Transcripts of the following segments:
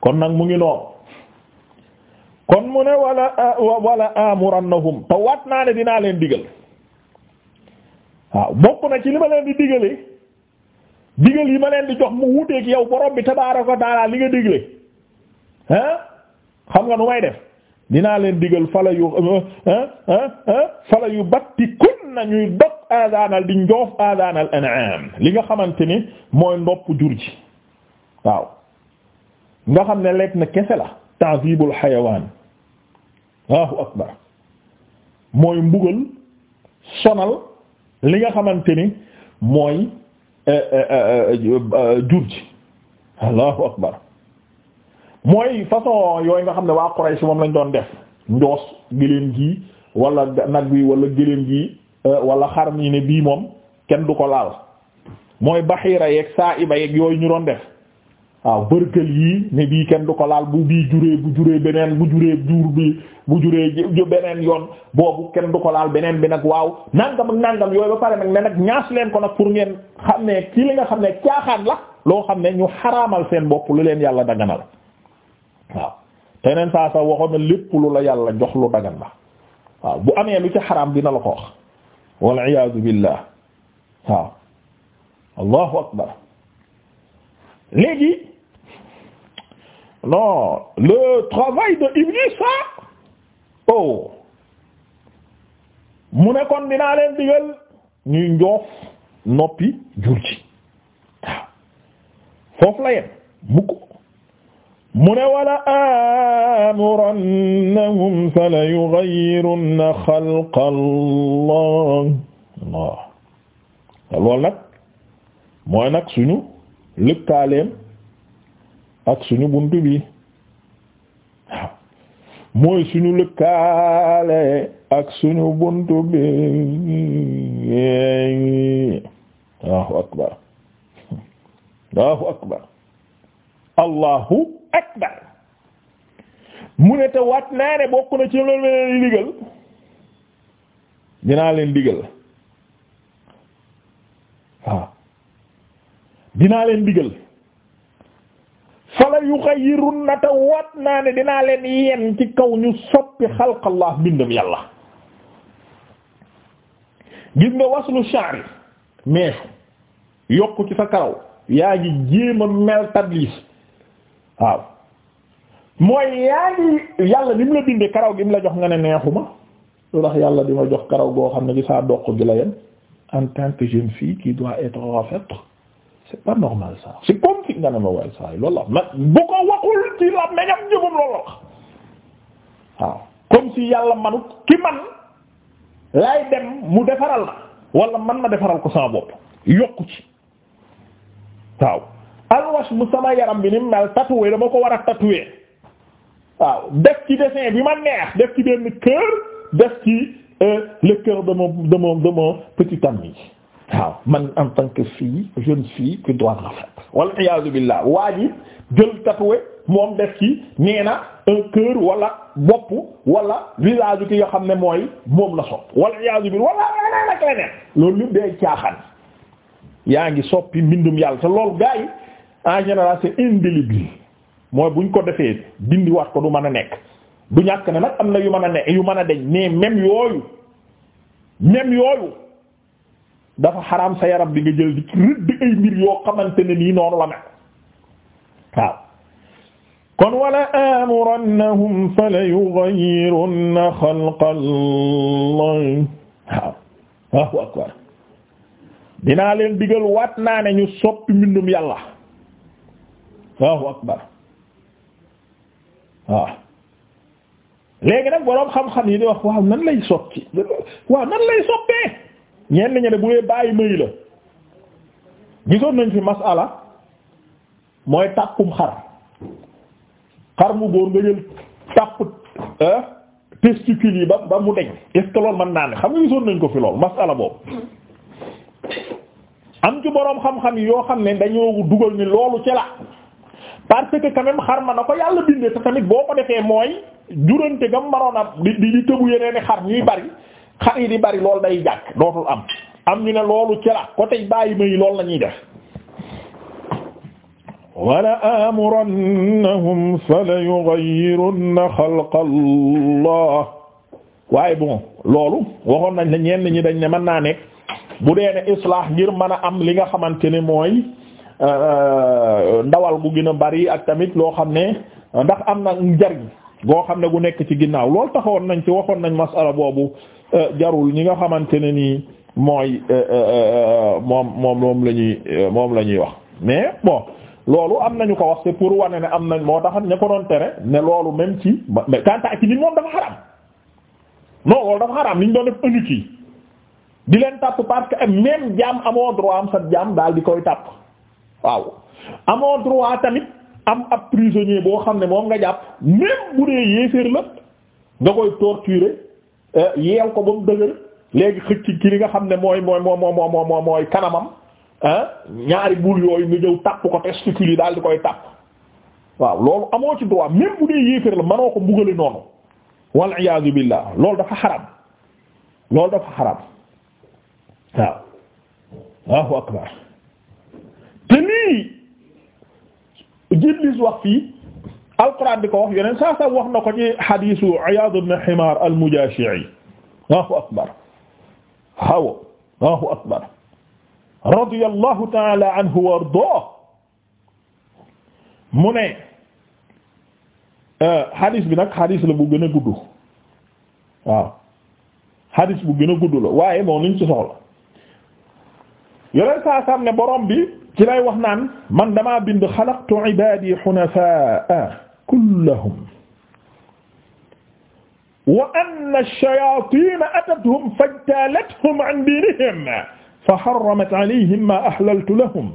kon nag mu ngi noonu kon mu ne wala wala amurannahum te waat naa ne dinaa leen digal waaw bokk na ci li ma leen di digale digal yi ma leen di jox mu wuteek yow borom bi tabaaraka wa taala li nga digle ah xam nga nu may def dinaa leen digal fala yu euh, fala yu batti kun na ñuy dog aadaanal di njoof aadaanal an'am li nga xamante ni mooy ndopp jur ji waaw nga xam ne lekk na kese la ta'zibul xayawaan Allahu akbar mooy mbugal sonal li nga xamante ni mooy eh, eh, eh, jur ji Allahu akbar mooy façon yooyu nga xam ne waa Quraysh moom lañ doon def njoos gëléem gi wala nag wi wala gëléem gi wala xar mii bii moom kenn du ko laal mooy baxiira yeeg saa iba yeeg yooyu ñu doon def waaw bërkël yi ne bii kenn du ko laal bu bii juree bu juree beneen bu juree jur bi bu juree beneen yoon boobu kenn du ko laal beneen bi nag waaw nangam ak nangam yooyu ba pare nag ne nag ñaas leen ko nag pour ngeen xam ne kii li nga xam ne caaxaan la loo xam ne ñu xaraamal seen bopp lu leen yàlla daganal waaw teneen saa sa waxoon lépp lu la yàlla jox lu dagan la waaw bu amee lu ci xaraam dina la ko wax wal iyaadu billah waaw allahu akbar le travail de Iblis ça oh mu ne kon dinaa leen digal ñuy njoof noppi jur ci waaw foofu la yem mukk mu ne wala amurannahum fala yughayyirunna xalqa Allah Allah te loolu mooy nag suñu lëkkaaleem ak suñu buntu bi waaw mooy suñu lëkkaale ak suñu buntu bi Allahu akbar Allahu akbar Allahu akbar mu ne te waat naa bokk na ci loolu leen di digal dinaa leen digal waaw dinaa leen digal la na te wat naa ne dinaa leen yen ci kaw ñu soppi xalqallah bindam yàlla gis nga waslu sha'ri meesu yokk ci sa karaw yaa ngi jéem mel tablis waaw mooy yaa ngi yàlla ni mu la bindee karaw gi mu la jox nga ne neexuma lu tax yàlla di ma jox karaw goo xam ne ci saa doq gi la yem en tant que jeune fille qui doit être refaite c'est pas normal ça c'est comme nga ne ma waaye saa yi loolu la man bu ko waxul ci la meñam jëfam loolu la waaw comme si yàlla manut ki man laay dem mu defaral na wala man ma defaral ko sama bopp yokku ci waaw alwash mu sama yaram bi ni mel tatoué dama ko war a tatoué waaw def ci dessin bi ma neex def ci benn cœur def ci euh, le cœur de mon petit ami waaw man en tant que fille jeune fille qui doit rafet wal iyaazu billah waa ji jël tatoué moom def ci nee na un walla wala bopp wala visage ki nga xam ne mooy moom la sopp wal iyaazu billah wala leneen ak leneen loolu lépp day caaxaan yaa ngi soppi mbindum yàlla te loolu gars yi en général c'est indélébile mooy buñ ko defee dindi wax ko du mën a nekk du ñàkk ne nag am na yu mën a ne yu mën a deñ mais même yooyu même yooyu dafa xaraam sa yaram bi nga jël di rëdd ay mbir yoo xamante ne nii noonu la mel kon wala amurannahum fala yughayyirunna xalqallah waaw waaw akbar dinaa leen digal waat naa ne soppi mbindum yàlla waaw akbar waaw léegi nag boroom xam-xam yi di wax waaw nan lay soppi ñenn ñi ne bu dee bàyyi may la gisoon nañ fi masala mooy tàppum xar xar mu góor nga jël tàpp testicules yi ba ba mu deñ est-ce que loolu mën naa ne xam nga gisoon nañ ko fi lool masala boobu am ci boroom xam-xam yi yoo xam ne dañoo dugal ni loolu ci la parce que xar ma na ko yàlla bindee te tamit boo ko defee mooy jurante gam maroon a di di tëbu yeneeni xar ñuy bari xar yi di bari loolu day jàkk dootul am am ñu ne loolu ci la côté bàyyi may loolu la ñuy def wala amurannahum fala yughayyirunna xalqa allah waaye bon loolu waxoon nañ ne ñenn ñi dañ ne man naa nekk bu dee ne islaax ngir mën a am li nga xamante ne mooy euh, ndawal gu gën a bari ak tamit loo xam ne ndax am na njariñ goo xam ne gu nekk ci ginnaaw loolu taxawoon nañ ci waxoon nañ masala boobu euh, jarul ñi nga xamante ne nii mooy euh, euh, moom moom moom la ñuy moom la ñuy wax mais bon loolu am nañu ko wax c'est pour wane ne am nañ moo tax ña ko doon tere ne loolu même ci mais kanta ci nit moom dafa xaram non loolu dafa xaram niñ doon def eunuque yi di leen tàpp parce que même jaam amoo droit am sa jaam daal di koy tàpp waaw amoo droit tamit am ab prisonnier boo xam ne moom nga jàpp même bu dee yéeféer la nga koy torturer euh, yeew ko ba mu dëgër léegi xëcc ki li nga xam ne mooy mooy mooy mooy mooy kanamam ñaari bul yooyu nga ñëw tàpp ko testicule yi daal di koy tàpp waaw loolu amoo ci droit même bu dee yéeféer la manoo ko bugale noonu wal iyaazu billah loolu dafa xaram loolu dafa xaram waaw waaw akbar te nii Iblis wax fii alquran di ko wax yeneen saa saa wax na ko ci hadiisu Iyaad ibn Himaar al-Mujaashi'i Allahu akbar waaw Allahu akbar radiyallahu ta'ala anhu wa ardaahu mu ne hadis euh, bi nag hadis la bu gën a gudd waaw hadis bu gën a gudd la waaye moom lañ ci soxla yoneen saa saam ne borom bi ci lay wax naan man damaa bind xalaqtu ibadi xunafaa kullahum wa anna ash-shayaatiina atathum fajtalathum an diinihim fa harramat alayhim maa ahlaltu lahum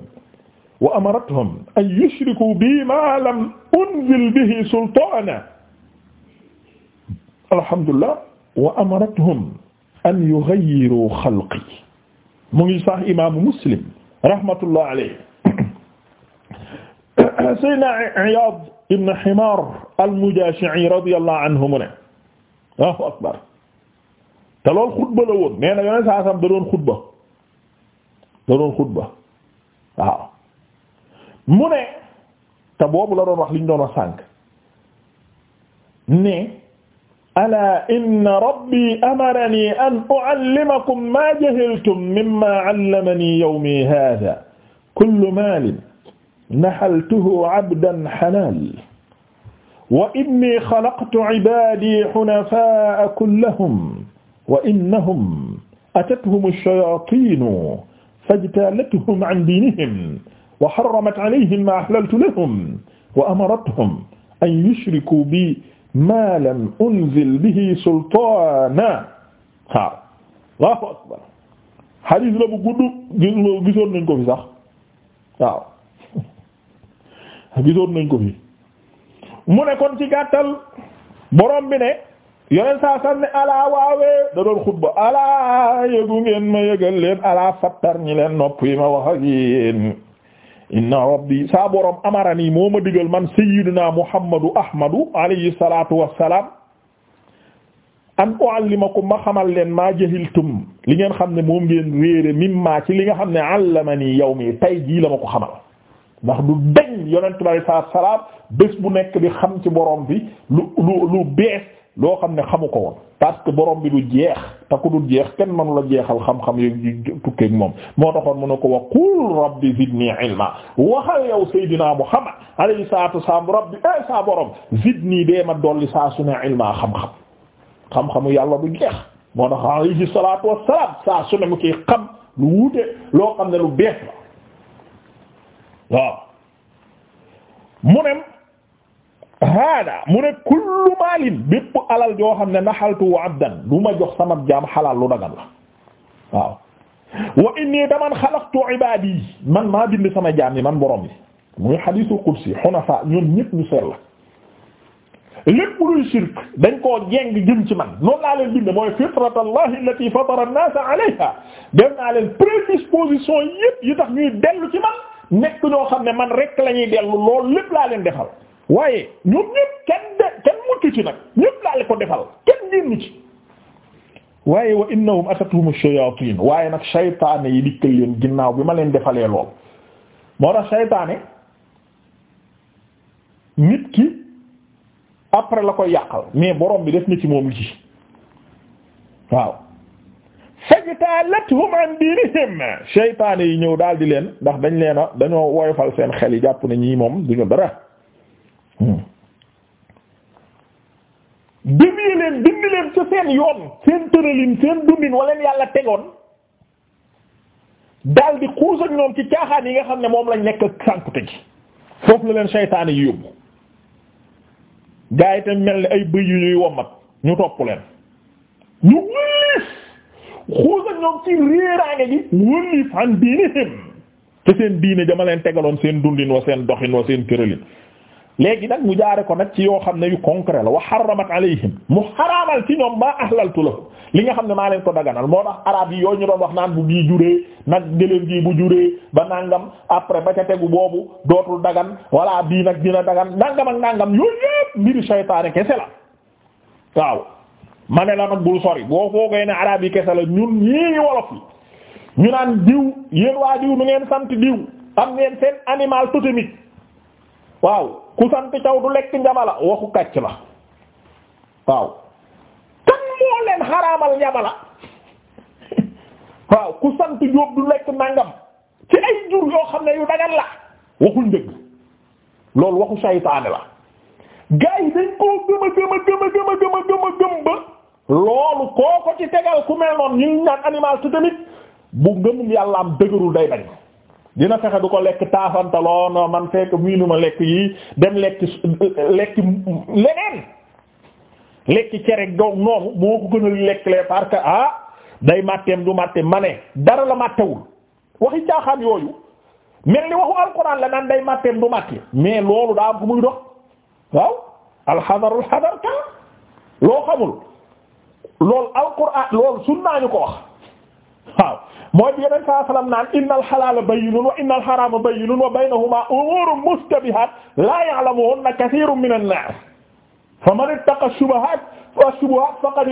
wa amarathum an yushrikuu bii maa lam unzil bihi sultaanan alhamdulillah wa amarathum an yughayyiruu xalqii mu ngi sax imaamu muslim rahmatullah alayhi saydna Iyaad ibn Himaar al-Mujaashi'i radiyallahu anhu mu ne Allahu akbar te loolu xutba la woon nee na yoneen saa sam da doon xutba da doon xutba waaw mu ne te boobu la doon wax li ñu doon wax sànq ne ala inna rabbi amarani an u'allimakum ma jahiltum mimma 'allamani yawmi hadha kullu malin nahaltuhu 'abdan halal wa inni xalaqtu cibaadi xunafaa kullahum wa innahum atathum ash-shayaatiinu fajtalathum can diinihim wa harramat calayhim maa ahlaltu lahum wa amarathum an yushrikuu bi ma lam unzil bihi sultaana waaw Allahu akbar xadiis la bu gudd gisoon nañ ko fi sax waaw gisoon nañ ko fi mu ne kon ci gàttal borom bi ne yoneen saa sax ne alaa waawee da doon xutba alaa yëgu ma yëgal leen alaa fattar ñi leen nopp yi ma wax inna rabbi saa borom amarani moo ma digal man sayyidina muhammadu ahmadu alayhi salaatu wassalaam an uallimakum ma xamal leen ma jahiltum li ngeen xam ne moom ngeen réere mimma ci li nga xam ne allamani yow mi tay jii la ko xamal ndax du deñ yonent bi alayhi salaatu wassalaam bu nekk di xam ci borom bi lu lu bees loo xam ne xamu ko parce boroom bi du jeex te ku du jeex kenn mënu la jeexal xam-xam yu tukkeeg moom moo taxoon mu ko wa qul rabbi zidni ilma waxal yow Seydina Muhammad alayhi salaatu wasalaam rabbi ay eh, saa borom zidni dee ma dolli saa su ne ilma xam-xam xam-xamu yàlla du jeex moo tax alayhi salaatu wasalaam saa su ne mu ciy xam lu wuute loo xam ne lu bees la waaw mu ne hada mu ne kullu maalin bépp alal joo xam ne naxaltu abdan ma jox sama jaam xalaal lu dagan la waaw wa inni daman xalaqtu ibadi man maa bind sama jaam yi man borom bi muy xadiisul qudsi xunafa ñoom ñëpp ñu seet la shirk dañ koo jeng jëm ci man noonu laa leen bind mooy fitrata allahi allati fatara an-naasa alayha def naa leen prédisposition yi tax ñuy dellu ci man nekk ñoo xam ne man rek la ñuy dellu loolu lépp laa leen defal waaye ñoom ñëpp kenn de kenn mucc ci nag ñëpp laal ko defal kenn génn ci waaye wa innahum atatuhum shayatin waaye nag saytaane yi dikkal leen ginnaaw bi ma leen defalee lool moo tax saytaane nit ki après la ko yàqal mais borom bi def na ci moom ji waaw fajtalathum an diinihim saytaane yi ñëw daal di leen ndax dañ leen dañoo woyofal seen xel yi jàpp na ñii moom duñu dara Hmm. dévier leen dindi seen yoon seen tëralin seen dundin wala yàlla tegoon daal di xuus ak ñoom ci caaxaan yi nga xam ne moom lañ nekk ak sànkute gi foofu la leen seytaane yi yóbbu gaa yi tam mel ni ay bëy yu ñuy wommat ñu topp leen ñu wëlliif xuus ak ñoom ci réeraange gi wëlliif an diinihim te seen diine dama leen tegaloon seen dundin wa seen doxin wa seen tëralin léegi nag mu jaare ko nag ci yoo xam ne yu concret la wa xaramat alayhim mu xaraamal ci ñoom maa ahlaltu la li nga xam ne maa leen ko daganal moo tax arab yi yooyu ñu doon wax naan bu bii juree nag gëléem gii bu juree ba nangam après ba ca tegu boobu dootul dagan walla bii nag dina dagan nangam ak nangam yooyu yëpp mbiri saytaane kese la waaw ma ne la nag bul sori boo foogee ne arab yi kese la ñun ñii wolof yi ñu naan diw yéen waa diw nu sant diw am ngeen seen waaw ku sant caw du lekk njamala waxu kàcc la waaw kan moo leen xaraamal njamala waaw ku sant jóob du lekk nangam ci ay jur yoo xam ne yu dagal la waxul njëgg loolu waxu saytaane la gaa yi dañ koo gëma gëma gëma gëma gëma gëma gëm ba loolu koo ko ci tegal ku mel noonu ñu naan animal te tamit bu ngëmum yàlla am dëgërul day bañ dina fexe du ko lekk taafantaloon man fekk miinuma lekk yi dem lekk lekk leneen lekk cere doog noonu moo gën a lekk lee parce que ah day màtteem du màtte ma dara la màttewul waxi caaxaan yooyu mel ni waxu alxuraan mais loolu daa am ku dox waaw alxadarul xadar ka loo xamul loolu alxuraan loolu sunnaañu ko wax waaw mooy bi yeneen saa salaam naan innal xalaala bayyinun wa innal xaraama bayyinun wa baynahumaa umuurun mushtabihaat laa ya'lamuhunna kasiirun minan naas faman ittaqa shubuhaat fashubuhaat faqad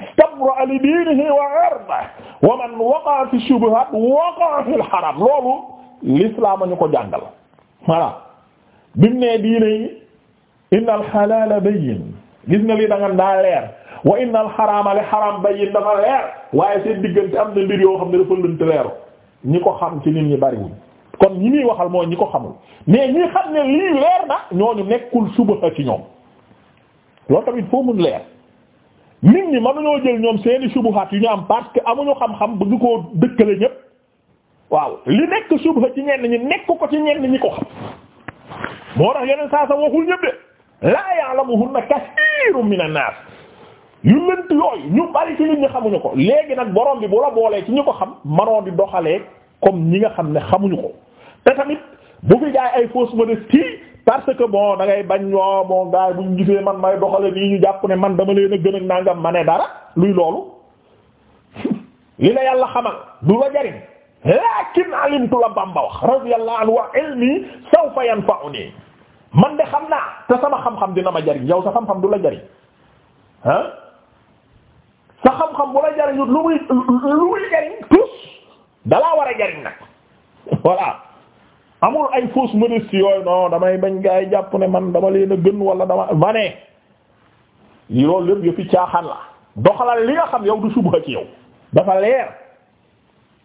istabra'a li diinihi wa 'irdihi wa man waqa'a fi shubuhaat waqa'a fil xaraam loolu lislaam ñu ko jàngal voilà bi mu nee diine yi innal xalaala bayyin gis nga lii da nga daa leer. wa innal xaraama li xaraam bayyin dafa leer waaye seen diggante am na mbir yoo xam ne dafa lënt leeru ñi ko xam ci nit ñi bariwuñ kon ñi muy waxal mooy ñi ko xamul mais ñi xam ne lii leer na ñooñu nekkul subaxa ci ñoom loolu tamit foo mun leer nit ñi mënuñoo jël ñoom seeni subuhaat yi ñu am parce que amuñu xam-xam bëgg koo dëkkale ñépp waaw li nekk subha ci ñenn ñi nekk ko ci ñenn ñi ko xam moo tax yeneen saa sa waxul ñépp de laa ya'lamuhunna kasiirun minan naas yu lënt yooyu ñu bari ci nit ñi xamuñu ko léegi nag borom bi bu la boolee ci ñu ko xam manoo di doxalee comme ñi nga xam ne xamuñu ko te tamit bu fi jaay ay ma modestie parce que bon da ngay bañ yoo bon gars bu ñu gisee man may doxale nii ñu jàpp ne man dama leen a gën a nangam ma ne dara luy loolu li la yàlla xamal du la jariñ lakin alimtu la Bamba wax radiyallahu anhu wa ilmi sawfa yanfa'uni man de xam naa te sama xam-xam dina ma jariñ yow sa xam du la jariñ xam-xam bu la jariñut lu muy lu muy jariñ tous dalaa war a jariñ nag voilà amul ay fausse modestie yooyu non damay bañ gaa yi jàpp ne man dama leen a gën wala dama ma ne loolu lépp yëfi caaxaan la doxalal li nga xam yow du suba ci yow dafa leer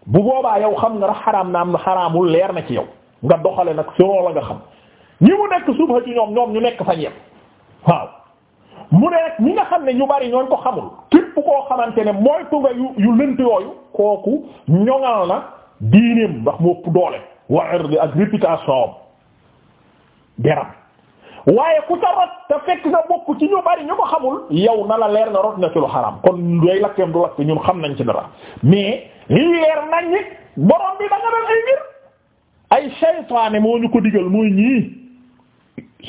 bu boobaa yow xam nga xaraam na am na xaraamul leer na ci yow nga doxale nag solo la nga xam ñi mu nekk suba ci ñoom ñoom ñu nekk fa ñépp waaw mu ne rek ñi nga xam ne ñu bari ñooñ ko xamul képp koo xamante ne mooy tuga yu yu lënt yooyu kooku ñoŋal na diineem ndax mu ëpp doole bi ak réputation am waaye ku ca rot te fekk nga bokk ci ñu bari ñu ko xamul yow na la leer na rot na ci lu xaram kon day lakkeem du lakk ñun xam nañ ci dara mais lii leer nañ nit borom bi da dal ay mbir ay shaytaane moo ñu ko digal mooy ñii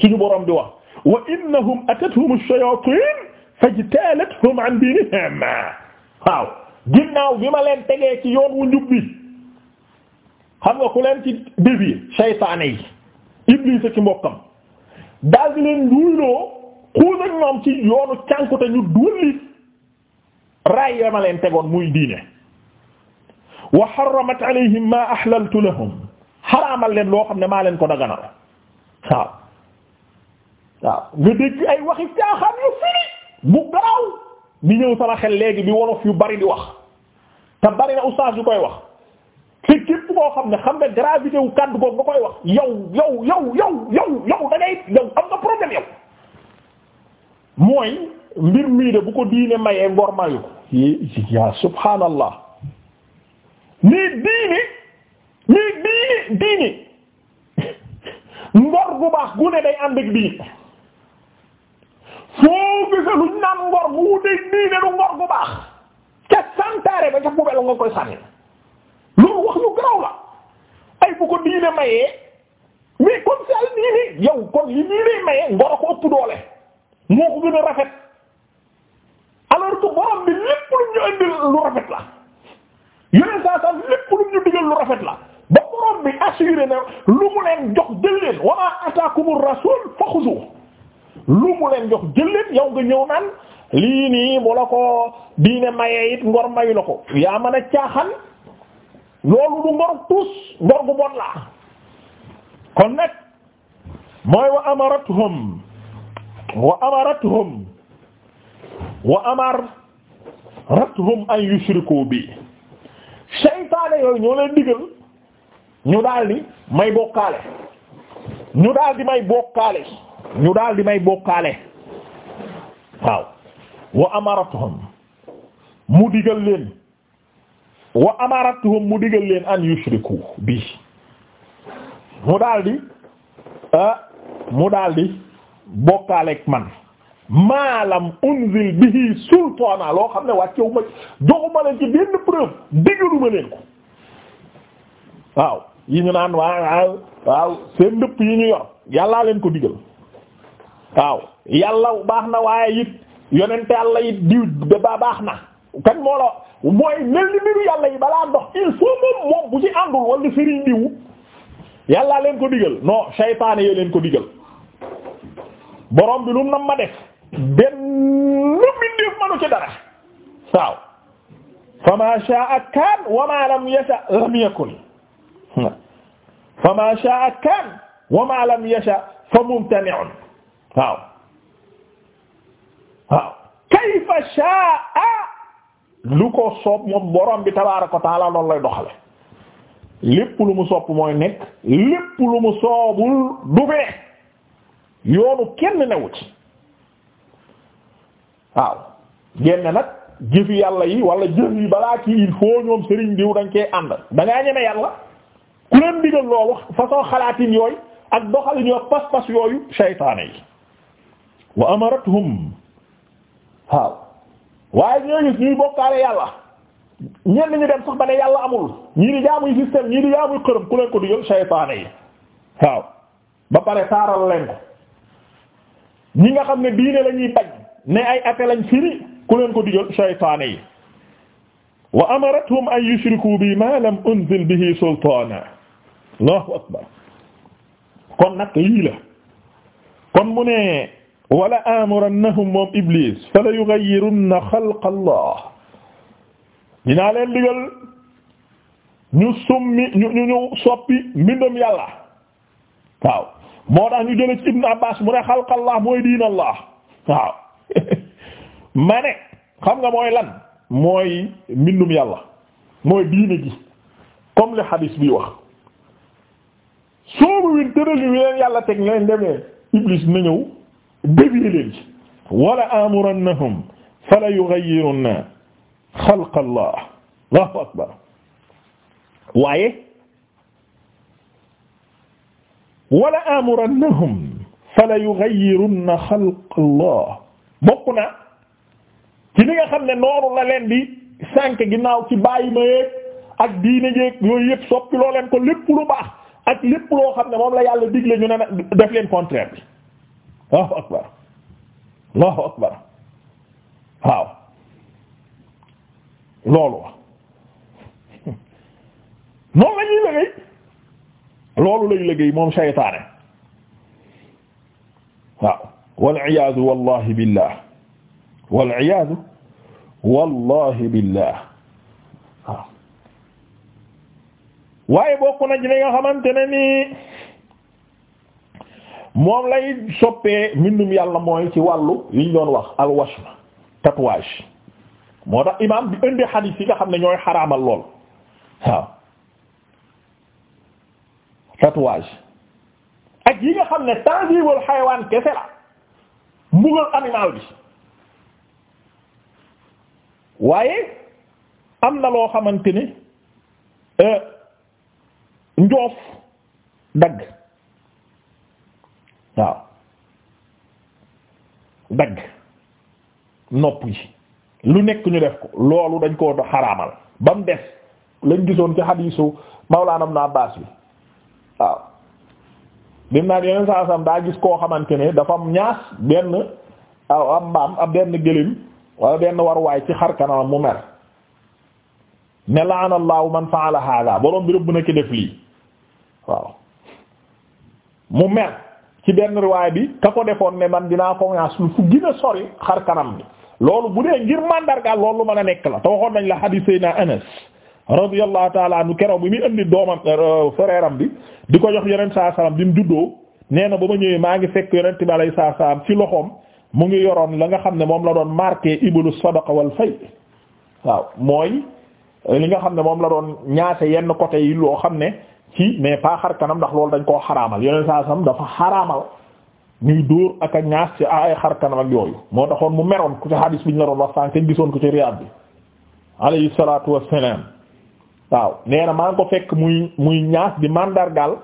suñu borom di wax wa innahum atathum ash-shayatin fajtalathum an diinihim waaw ginnaaw bi ma leen tegee ci yoon wu njub bi xam nga ku leen ci dévier saytaane yi Iblis ci mbokkam daal di leen duyloo xuus ak ñoom ci yoonu cànkute ñu dulli raay ya ma leen tegoon muy diine wa harramat alayhim ma ahlaltu lahum xaraamal leen loo xam ne maa leen ko daganal waaw waaw nga dégg ay waxi caaxaan yu firi bu garaaw bi ñëw sama xel léegi bi wolof yu bari di wax te bari na ustaas yu koy wax te képp koo xam ne xam nga gravité wu kàddu googu nga koy wax yow yow yow yow yow yow da ngay yow problème yow mooy mbir mii de bu ko diinee mayee ngor mayu ko yaa subhaanallah nii diine nii diine diine ngor bu baax gu day ànd ak foo gisa luñ naan ngor bu wuteeg nii ne du ngor bu baax ca santaare ba ca poubelle nga koy sànni loolu wax yu garaw la ay bu ko diine mayee mais comme ça diine yow kon li diine mayee ngor a ko ëpp doole moo ko gën a rafet alors ko borom bi lépp lu ñu indil lu rafet la yeneen saa saa lépp lu ñu digal lu rafet la ba borom bi assuré na lu mu leen jox jël leen wa ma ataakumur rasul fakhuzuhu lu mu leen jox jël leen nga ñëw naan lii nii bu la ko diine mayee it ngor mayu la ko yaa mën a caaxaan loolu du ngor tus ngor gu bon la kon nag mooy wa amaratuhum wa amaratuhum wa amaratuhum an yushriku bi seytaane yooyu ñoo leen digal ñu daldi may bokkaale ñu daldi may bokkaale ñu daal di may bokkaale waaw wa amaratuhum mu digal leen wa amaratuhum mu digal leen an yushriku bi mu daldi ah mu daldi di bokkaaleek man maalam unzil bihi sultaana loo xam ne wàccewu ma joxuma leen ci benn preuve digaluma leen ko waaw yi ñu naan waaw waaw seen ndëpp yi ñu yor yàllaa leen ko digal waaw yàlla baax na waaye it yonente yàlla it diw ba baax na kan moo la mooy mel ni mbiru yi balaa ndox il faut moom moom bu ci àndul wala sëriñ diw yàllaa leen ko digal non saytaane yee leen ko digal borom bi lu mu ma def benn mbindeef manu ci dara waaw fa ma sha'a kaan wa ma lam yasha lam yakun fa ma sha'a kaan wa ma lam yasha fa mumtani'un waaw waaw kayfa sha'a lu ko soob moom borom bi tabaaraka wa loolu lay doxale lépp lu mu sopp mooy nekk lépp lu mu soobul du yoonu kenn newu ci waaw génn nag jëfi yàlla yi wala jëf yi balaa kii il ñoom sëriñ diw dañ koy ànd dangaa ñeme yàlla ku leen digal loolu façon xalaatin yooyu ak doxalin yoo pas-pas yooyu seytaane yi wa amaratuhum waaw waaye ñoo gis ñuy bokkaale yàlla ñenn ñu dem sax ba yàlla amul ñii di jaamuy système ñii di jaamuy xërëm ku leen ko digal saytaane yi waaw ba pare taaral leen ko ñi nga xam ne diine la ñuy bañ ne ay athée lañ firi ku leen ko digal saytaane yi wa amaratuhum an yushriku bi ma lam unzil bihi sultaana allahu akbar kon nag lii la kon mu ne wal amurannahum moom iblis fala yughayyirunna xalqa allah dinaa leen digal ñu summi ñu ñu ñu soppi mbindam yàlla waaw moo tax ñu jële ci ibnu abbas mu ne xalqa mooy diin waaw ma xam nga mooy lan mooy mbindum yàlla mooy diine gi comme le hadis bi wax soobu win tërali wi leen yàlla teg leen demee iblis na ñëw dévier leen ci wala amurannahum fala yughayyirunna xalqa allah allahu akbar waaye wala amurannahum fala yughayyirunna xalqa allah bokk na ci li nga xam ne nooru la leen di sànk ginnaaw ci bàyyi ma yeeg ak diine jeeg yooyu yëpp soppi loo leen ko lépp lu baax ak lépp loo xam ne moom la yàlla digle ñu ne def leen contraire Allahu akbar Allahu akbar waaw loolu noonu la ñuy liggéey loolu lañu liggéey moom saytaane waaw waliyaadu wallahi billah waliyaadu wallahi billah waaw waaye bokk na ci li nga xamante ne nii moom lay soppee mbindum yàlla mooy ci wàllu yiñ doon wax alwash na moo tax imaam bi indi xadiis yi nga xam ne ñooy xaraamal lool waaw tatouage ak yi nga xam ne tangiwul xayawaan kese la mbugal animal bi waaye am na loo xamante ni euh, njoof dagg waaw dagg nopp yi lu nekk ñu def ko loolu dañ koo xaraamal ba mu des lañ gisoon ci xadiisu mawlaanam na Abbaas bi waaw dim naan saa sam daa gis koo xamante ne dafa am ñaas benn aw am mbaam ab benn gëléem wala benn war ci xar mu mer ne laanallahu man faala hada borom bi rëbb na ki def lii waaw mu mer ci benn riwaay bi ka ko defoon ne man dinaa ko ñaas lu fu gën sori xar kanam bi loolu bu dee ngir mandargaal loolu lu mën a nekk la te waxoon nañ la hadith sayna Anas radiyallahu ta'ala anhu keroog bi mu indi doomam euh, frère bi di ko jox yonent saa salaam bi mu juddoo nee na ba ma ñëwee maa ngi fekk yonent bi alayhi saa salaam ci loxoom mu ngi yoroon la nga xam ne moom la doon marqué iblu sadaqa wal fay waaw mooy li nga xam ne moom la doon ñaase yenn côté loo xam ne ci mais pas xar kanam ndax loolu dañ koo xaraamal yeneen saa sam dafa xaraamal ñuy dóor ak a ñaas ci ay xar kanam ak yooyu moo taxoon mu meroon ku ci hadis bi ñu la doon wax sànq gisoon ko ci Riyad bi alayhi salaatu wassalaam waaw nee maa ngi ko fekk muy muy ñaas di mandargaal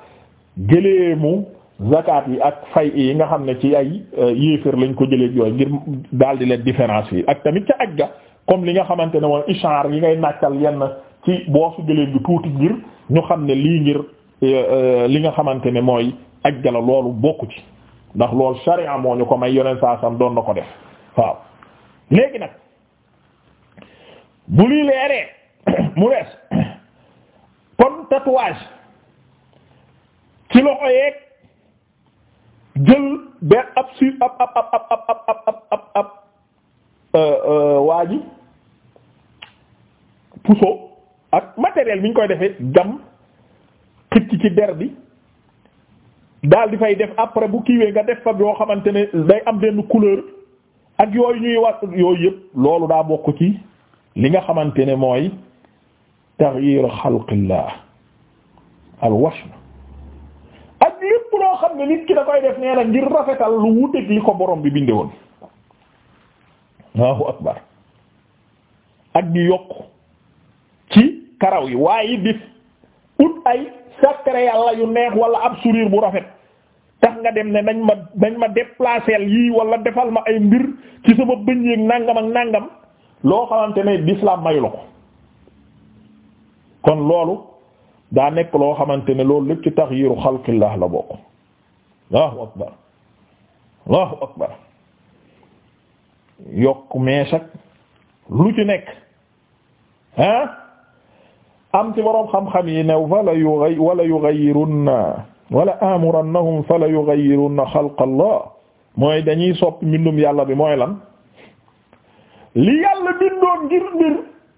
gëleemu zakat yi ak fay yi nga xam ne ci ay euh, yéeféer lañ ko jëlee yooyu ngir daal di leen différence yi ak tamit ca ajga comme li nga xamante ne woon ishaar yi ngay nàccal yenn ci boosu gëléem bi tuuti ñu xam ne lii ngir euh, euh, li nga xamante ne mooy ajjala loolu bokku ci ndax loolu sharia moo ñu ko may yoneen saa sam doon na ko def waaw léegi nag bu lii leeree mu rees kon tatouage ci loxo yeeg jël benn ab si ab ab ab ab ab ab ab euh, waa ji puso ak matériel bi ñu koy defee jam xëcc ci der bi daal di fay def après bu kiiwee nga def fa yoo xamante ne day am benn couleur ak yooyu ñuy wax yooyu yëpp loolu daa bokk ci li nga xamante ne mooy taxyiir xalqillah ak lépp loo xam ne nit ki da koy def nee na ngir rafetal lu wuteek li ko borom bi bindee woon Allahu akbar ak di yokk karaw yi waaye di ut ay secret yàlla yu neex wala ab suriir bu rafet tax nga dem ne nañ ma nañ ma déplacer yii wala defal ma ay mbir ci sama bëñ yeeg nangam ak nangam loo xamante ne l'islam mayu loolu daa nekk loo xamante ne loolu lépp ci taxyiru xalqillah la bokk allahu allahu akbar yokk mees lu ci nekk ah am ci boroom xam-xam yi ne wala yu wala yughayirunna wala amurannahum fala yughayirunna xalqa allah mooy dañuy sopp mbindum yàlla bi mooy lan li yàlla bindoon ngir mbir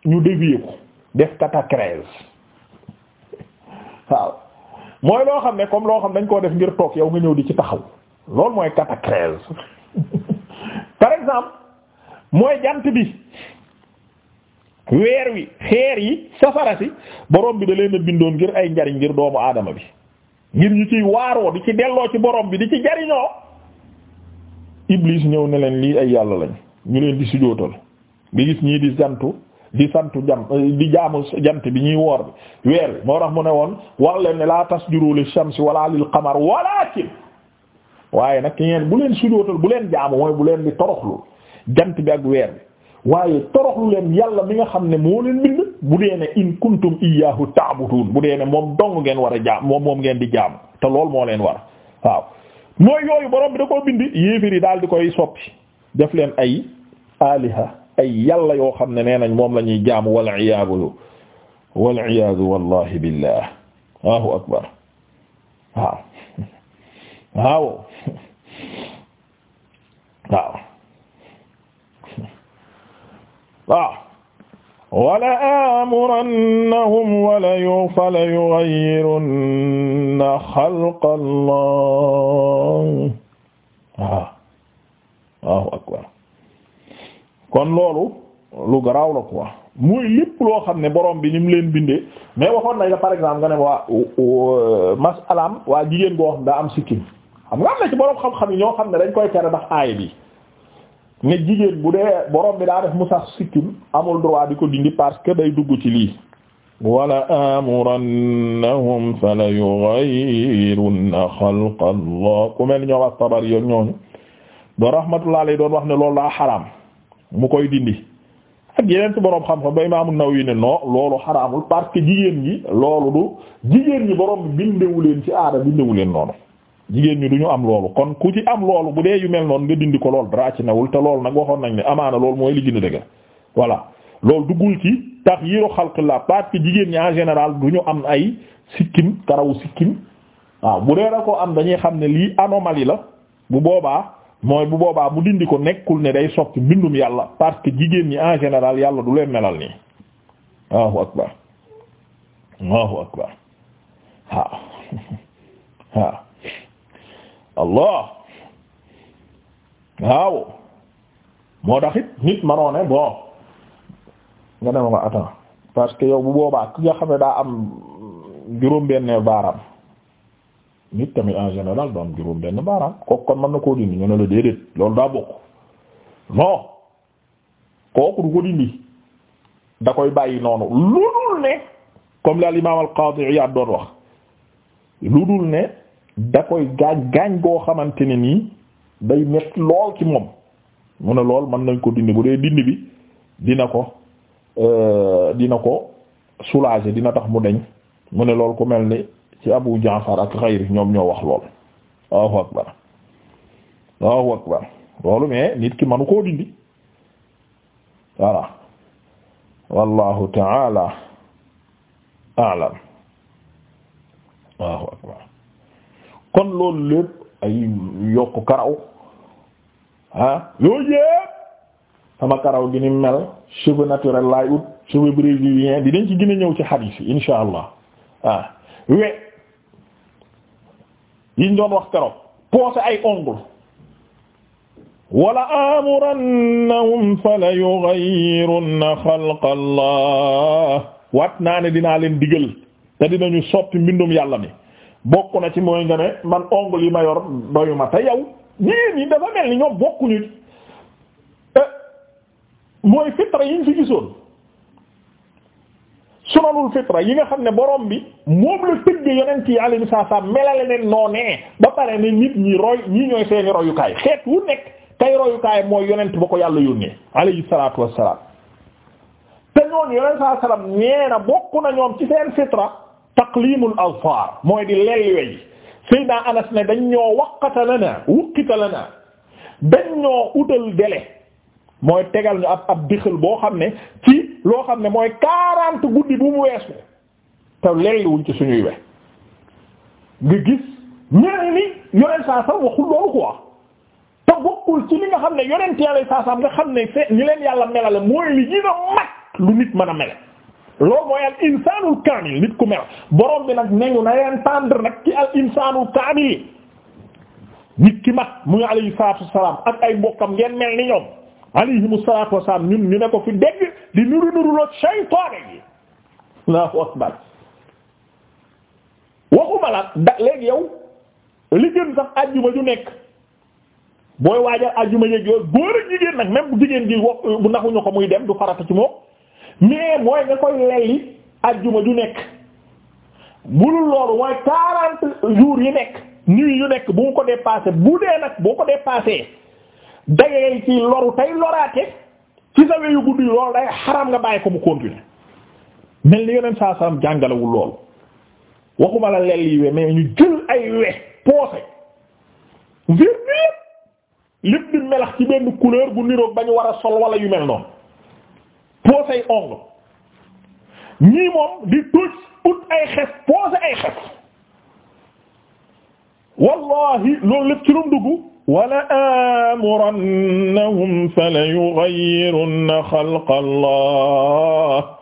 ñu dévier ko def catacrèse waaw mooy loo xam ne comme loo xam dañ koo def ngir toog yow nga ñëw di ci taxaw loolu mooy catacrèse par exemple mooy jant bi weer wi xeer yi safara si borom bi da leen a bindoon ngir ay njariñ ngir doomu aadama bi ngir ñu ciy waaroo di ci delloo ci borom bi di ci jariñoo iblis ñëw ne leen lii ay yàlla lañ ñu leen di sujootal bi gis ñii di jantu di santu jam eh, di jaamu jant bi ñuy woor bi weer bi moo tax mu ne woon war leen laa tasjuru li shamsi wala lil qamar walakin waaye nag ki ngeen bu leen sujootal bu leen jaamu mooy bu leen di toroxlu jant bi ak weer bi waaye toroxlu leen yàlla mi nga xam ne moo leen bind bu dee ne in kuntum iyaahu ta'budun bu dee ne moom dong ngeen war a jaam moom moom ngeen di jaam te lool moo leen war waaw mooy yooyu borom bi da koo bind yéefér yi daal di koy soppi def leen ay aliha ay yàlla yoo xam ne nee nañ moom lañuy jaamu jaam wal iyaadu wal iyaadu wallahi waaw waaw waaw wala amurannahum wala yu fala yughayyirunna xalqa allah waaw waaw akbar kon loolu lu garaaw la quoi muy lépp loo xam ne borom bi ni leen bindee mais waxoon nañ la par exemple nga ne waa mas waa jigéen goo xam daa am sikkim xam nga am na ci borom xam-xam yi ñoo xam ne dañ koy tere ndax aaya bi ne jigéen bu dee borom bi daa def mu sax sikkim amul droit di ko dindi parce que day dugg ci lii wala amurannahum fala yughayyirunna xalqa allah ku mel ñoom at-Tabari yoon ñooñu doon rahmatullah alayhi doon wax ne loolu daa xaraam mu koy dindi ak yeneen ci boroom xam-xam ba Imaam An-Nawawi ne non loolu xaraamul parce que jigéen ñi loolu du jigéen ñi borom bi bindewu leen ci aada bindewu leen noonu jigéen ñi du ñu am loolu kon ku ci am loolu bu dee yu mel noonu nga dindi ko lool dara ci newul te loolu nag waxoon nañ ne amaana loolu mooy li gën a dëgër voilà loolu duggul ci tax yiru xalqillah parce que jigéen ñi en général du ñu am ay sikkim karawu sikkim waaw bu dee da ko am dañuy xam ne lii anomalie la bu boobaa mooy bu boobaa mu dindi ko nekkul ne day soppi mbindum yàlla parce que jigéen ñi en général yàlla du leen melal nii waaw allah waaw moo taxit nit manoo ne bon nga ne ma ko attends parce que yow bu boobaa ki nga xam ne daa am juróom-benn baaraam nit tamit en général doom am juróom-benn baaraam kooku kon mën na koo dindi ñu ne la déedéet loolu daa bokk non kooku du ko dindi da koy bàyyi noonu lu dul ne comme l'imam al-Qadi Iyad doon wax lu dul ne. da koy gaañ gaañ goo xamante ne nii day metti lool ci moom mu ne lool mën nañ ko dindi bu dee dindi bi dina ko euh, dina ko soulager dina tax mu deñ mu ne lool ku mel ni ci Abu Jaafar ak xayri ñoom ñoo wax lool Allahu akbar Allahu akbar loolu mais nit ki manu koo dindi voilà wallahu ta'ala a'lam Allahu akbar kon loolu lépp ay yokk karaw ah yooyu yépp sama karaw gi ni mel cheveux naturel laay ut cheveux brésilien dinañ ci gën ñëw ci hadith yi insha allah ah we yiñ doon wax keroog poose ay ongle wala amurannahum fala yughayyirunna xalqa allah waat naa ne dinaa leen digal te dinañu soppi mbindum yàlla mi bokk na ci mooy nga man ongle yi ma yor doyu ma te yow ñii nii dafa mel ni ñoom bokkuñu eh, mooy fitra yi ñu yi nga xam ne borom bi moom la tëgg yonent yi alayhi salaam melale leen noonee ba pare ne nit ñi roy ñii ñooy seeni royukaay xeet wu nekk kay royukaay mooy yonent ba ko yàlla yónnee alayhi salaatu wassalaam te ñoon yonent salaam nee bokk na ñoom ci seen fitra taqlimul azfar mooy di lelli wey Seydina Anas ne dañ ñoo waqata lana wuqita lana dañ ñoo utal délai mooy tegal ñu ab ab dixal boo xam ne ci loo xam ne mooy quarante guddi bu mu weesu te lelliwuñ ci suñuy we nga gis mel ni xam ne yonent yàlla saa ne fe ñi leen yàlla melale mooy li gën a mag lu nit mën a mele loolu mooy al insaanul kaamil nit ku mel borom bi nag nañu na leen tendre nag ci al insaanul kaamil nit ki mat muy alayhi salaatu wassalaam ak ay mbokkam ngeen mel ni ñoom alayhimu salaatu wassalaam ñun ñu ne ko fi dégg di nuru nuru lool shaytaane yi waxuma la da léegi yow li gën sax àjjuma ju nekk booy waajal àjjuma yeeg yooyu góor ak jigéen nag même bu jigéen gi wax bu naxuñu ko muy dem du farata ci moom mais mooy nga koy lelli ajjuma ju nekk bu dul loolu mooy quarante jours yi nekk nuit yu nekk bu nga ko dépassé bu dee nag boo ko dépassé dangay ci loru tey loraate ci sa weyu guddi loolu day xaram nga bàyyi ko mu continuer mel ni yeneen saa saam jàngalewul loolu waxuma la lelli we mais ñu jël ay we poose virgule lépp di melax ci benn couleur bu niroog ba ñu war a sol wala yu mel noonu poosay ongle ñii moom di tuj ut ay xef poose ay xef wallahi loolu lépp ci lum dugg wala amurannahum fala yughayyirunna xalqa allah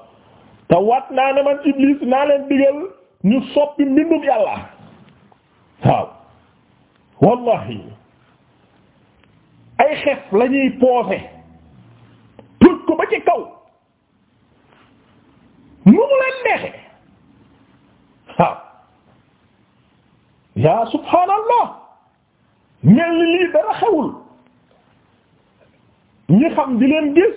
te waat naa ne man iblis naa leen digal ñu soppi mbindum yàlla waaw wallahi ay xef lañuy poose tuj ko ba kaw nu mu leen neexe waaw yaa subhaanallah mel ni lii dara xewul ñi xam di leen gis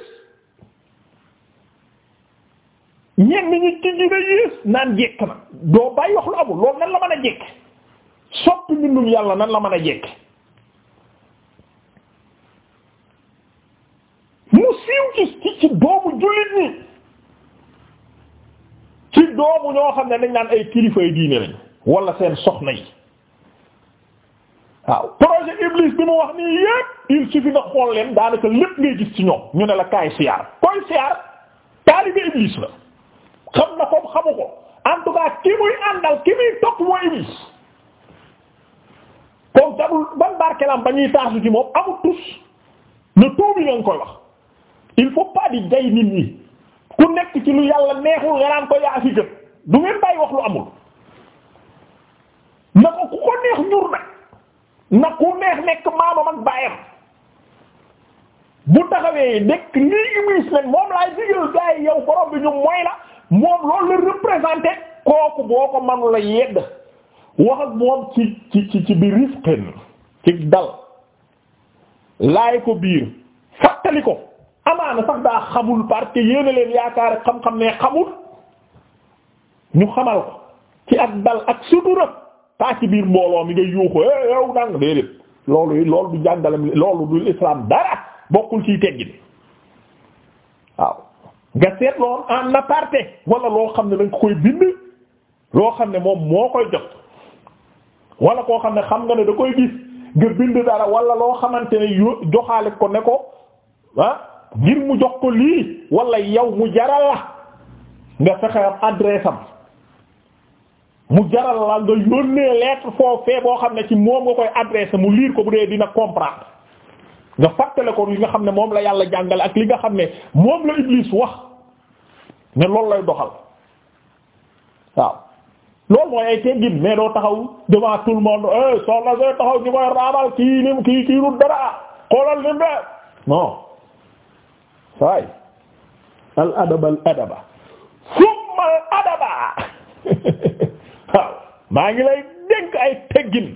ñenn ñi ci gën a yées naan jekk na nan la mën a jekk soppi mbindum nan la mën a jekk doomu ñoo xam ne dañ naan ay kilifay diine lañ wala seen soxna yi waaw projet Iblis bi mu wax nii yépp il suffit nga xool leen daanaka lépp ngay gis ci ñoom ñu ne la kaay siyaar koy siyaar taalibe Iblis la xam na ko xamu ko en tout cas ki muy àndal ki muy topp moo Iblis kon dabul ban barkeelam ba ñuy taasu ci moom amul tus ne tuubi lañ koy wax il faut pas di jay nit ñi. ku nekk ci lu yàlla neexul nga naan ko yaa fi gën du ngeen bàyyi wax lu amul na ko ku ko neex ñur nag na ku neex nekk maamam ak baayam bu taxawee nekk lii imis lañ moom laay digal gaay yow borom bi ñu mooy la moom loolu la représenté kooku boo ko manula yedd wax ak moom ci ci ci bi risqen ci dal laay ko biir fàttali ko amaana sax daa xamul parce que leen yaakaar xam-xam ne xamul ñu xamal ko ci ak dal ak sutura taa biir mbooloo mi nga yuuxu eh yow nang déedéet loolu loolu du jàngalem loolu du islam dara bokkul ciy teggin waaw nga seet loolu en aparté wala loo xam ne dañ ko koy bind loo xam ne moom moo koy jot wala koo xam ne xam nga ne da koy gis nga bind dara wala loo xamante ne yo joxaale ko ne ko ah, ngir mu jox ko lii wala yow mu jaral la nga fexe am adresse am mu jaral la nga yónnee lettre boo xam ne ci moom nga koy adressé mu liir ko bu dee dina comprendre nga fàttale ko li nga xam ne moom la yàlla jàngale ak li nga xam ne moom la Iblis wax ne loolu lay doxal waaw loolu mooy ay teggin mais doo taxaw devant tout le monde eh soxna sooy taxaw ñu koy raabal kii nii kii kii du dara xoolal li mu sawaay al adaba al adaba summa adaba waaw maa ngi lay dénk ay teggin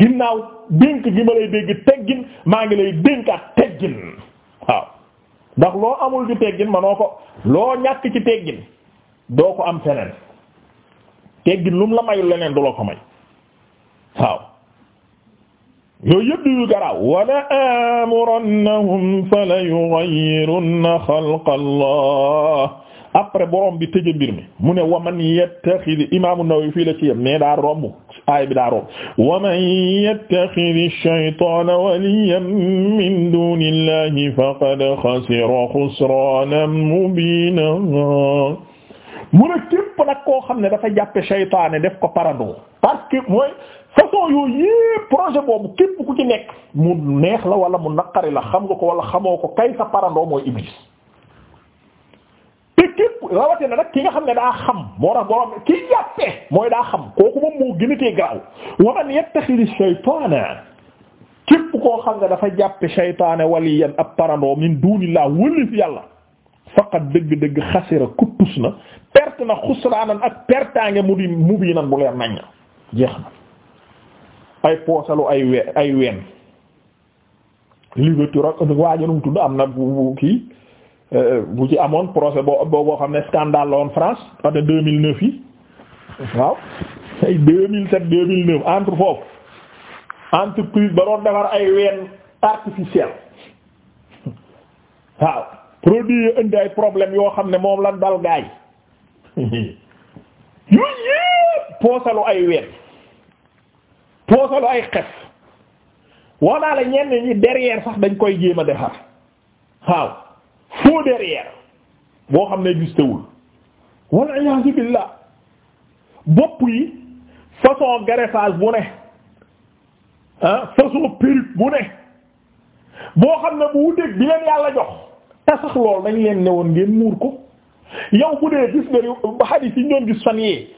ginnaaw dénk gi ma lay dégg teggin maa ngi lay dénk ak teggin waaw ndax loo amul di teggin manoo ko loo ñàkk ci teggin doo ko am feneen teggin lu mu la mayul leneen du la ko may waaw yooyu yëpp yu garaaw wala amurannahum fala yughayyirunna xalqa allah après borom bi tëje mbir mi mu ne waman yattaxidi imaamu Nawawi fii la ci yem ne daa romb aay bi daa romb waman yattaxidi shaytaana waliyan min dunillahi faqad xasira xusraanan mubiina mu ne képp nag koo xam ne dafa jàppe shaytaane def ko parando parce que mooy façon yooy yépp projet boobu képp ku ci nekk mu neex la wala mu naqari la xam nga ko wala xamoo ko kay sa parandoo mooy iblis képp rawatina nag ki nga xam ne daa xam moo tax borom ki jàppee mooy daa xam kooku moom moo gën a tee garaaw wa man yattakhidhi képp koo xam nga dafa jàppe shaytaane waliyan ab parandoo min dunillah wëlif yàlla faqat dëgg-dëgg xasira kuttus na perte na xusraanan ak pertaange mu di mu bii nan bu leer nañ jeex na ay poosalu ay we ay ween ligature ak waajanum tudd am na bu kii euh, bu ci amoon projet bo boo xam ne scandale la woon France ate deux mille neuf yi waaw ay deux entreprise ba doon defar ay ween artificiel waaw produit yi indi ay problème yoo xam ne moom la dal gaay yooyu yépp poosalu ay ween poosalu ay xef woonaa la ñenn ñi derrière sax dañ koy jéem a defar waaw faux derrière boo xam ne existewul walla iyaazu billah bopp yi façon greffage bu ne ah, façon perruque bu ne boo xam ne bu wuteeg bi leen yàlla jox te sax lool dañ leen ne woon ngeen muur ko yow bu dee gis nga ba hadith yi ñu doon gis fan yee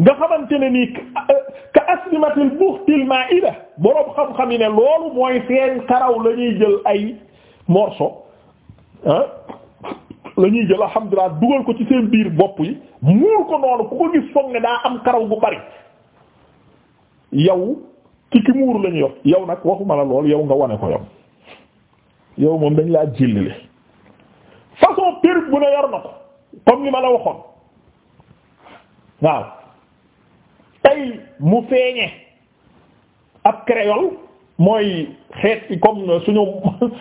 nga xamante ne nii ka aslimatil buxtil maa'ida boroom xam-xam yi ne loolu mooy seen karaw la jël ay morceau lañuy ah, la ñuy jël alhamdulilah dugal ko ci seen biir bopp yi muur ko noonu ku ko gis foog ne daa am karaw bu bari yow ki ki muur la ñu yox yow nag waxuma la lool yow nga wane ko yow yow moom dañ laa jillile façon pér bu ne yor na ko comme ni ma la waxoon waaw tey mu feeñe ab créole mooy xeet yi comme suñu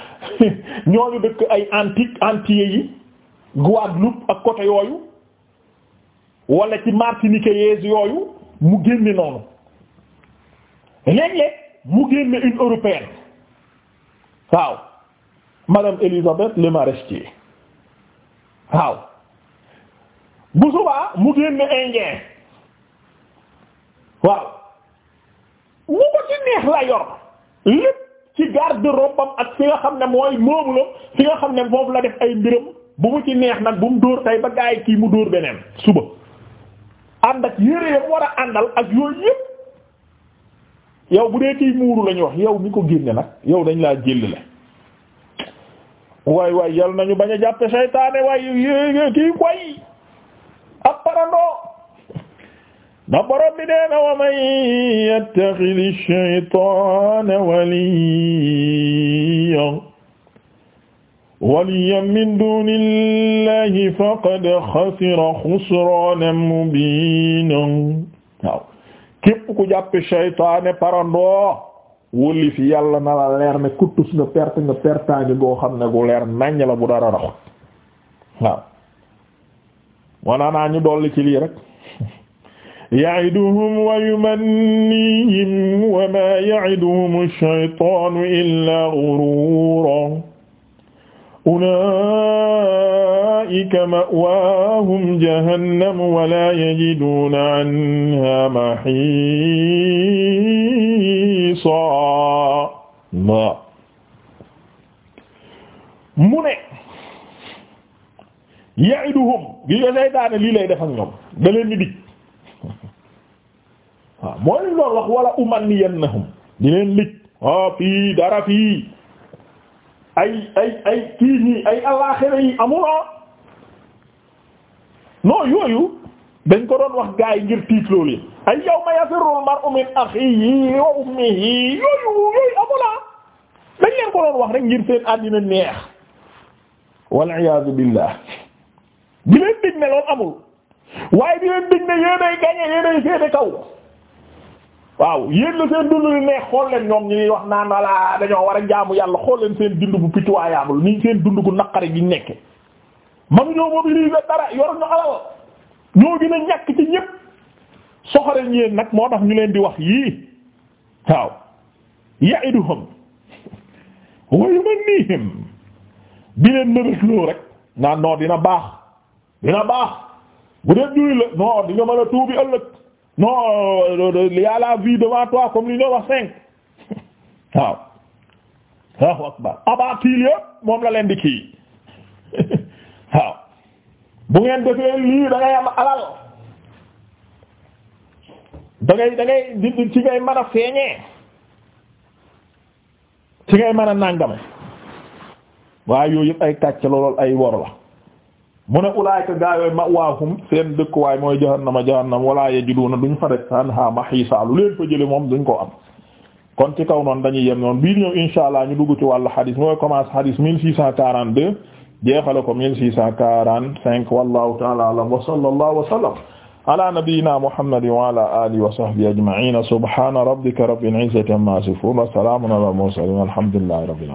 ñooñu dëkk ay antique antillais yi Guadeloupe ak côté yooyu wala ci martiniquais yooyu mu génne noonu léeg mu génne une européenne waaw madame Elisabeth Lemarestier waaw bu subaa mu génne indien waaw mu ko ci neex la yor lépp ci garde-robe am ak fi nga xam ne mooy moomu la nga xam ne foofu la def ay mbiram bu mu ci neex nag bu mu dóor tey ba gaay kii mu dóor beneen suba ànd ak yére yam war a àndal ak yooyu yëpp yow bu dee kii muuru lañu wax yow mi ko génne nag yow dañ laa jël la waay waay yal nañu bañ a jàppe seytaane waay kii koy ab ndax borom bi nee na wa man yattaxidi shaytaana waliyan waliyan min duunillahi faqad xasira xusraanan mubiinan waaw képp ku jàppe shaytaane parandoo wulli fi yàlla na la leer ne kuttus nga perte nga pertaangi boo xam ne gu leer naññ la bu dara raxut waaw wanaanaa ñu dolli ci lii rek ya'iduhum wa yumannihim wa ma ya'iduhum ash-shaytaanu illaa ghuruuran ulaa'ika ma'waahum jahannam wa laa yajiduuna 'anhaa mahiisaa mu ne ya'iduhum gi nga seytaane lii lay def ak ñoom da leen di dig waaw mooy liñ wax wala umanniyannahum di leen lig ah fii dara fii ay ay ay ay alaxira yi amuloo ah. non yooyu dañ ko doon wax gaay ngir tiit loolu yi ay yawma yafirru al-mar'u min akhihi wa ummihi yooyu yooyu amuloo ah. dañ leen ko wax rek ngir seen àddina neex wal iyaadu billah di leen dig amul waaye di leen dig ne yéenay gañe yéenay seede kaw waaw yéen la seen dund li neex xool leen ñoom ñuy wax naan walla dañoo war a jaamu yàlla xool leen seen dund bu pitoyable ni seen dund gu naqari gi nekke manu ñoo mobiliser dara yor ñu alal ñoo gën a ñàkk ci ñépp soxore ñeen nag moo tax ñu leen di wax yii waaw ya'iduhum wa yumannihim di leen nërësloo rek naan non dina baax dina baax bu dee julli la non di mën a tuubi ëllëg non euh, y la vie devant toi comme li ñoo wax cinq waaw waaw akbar abatil yëpp moom la leen di kii waaw bu ngeen defee lii da ngay am alal da ngay ci ngay mën a feeñee ci ngay mën a waaye yooyu yëpp ay kàcc lool ay wor la mu ne ulaayka gaa yooyu ma'waahum seen dëkkuwaay mooy jahannama jahannam wala yajiduuna duñ fa rek anha mahiisa lu leen fa jële moom duñ ko am kon ci kaw noonu dañuy yem noonu biir ñëw insha allah ñu dugg ci wàllu xadis mooy commence xadis 1642 jeexale ko 1645 wallahu ta'ala a'lam wa sallallahu wa sallam ala nabiyyina muhammadin wa ala alihi wa sahbihi ajma'in subhana rabbika rabbil izzati amma yasifun wa salamun ala mursalin alhamdulillahi rabbil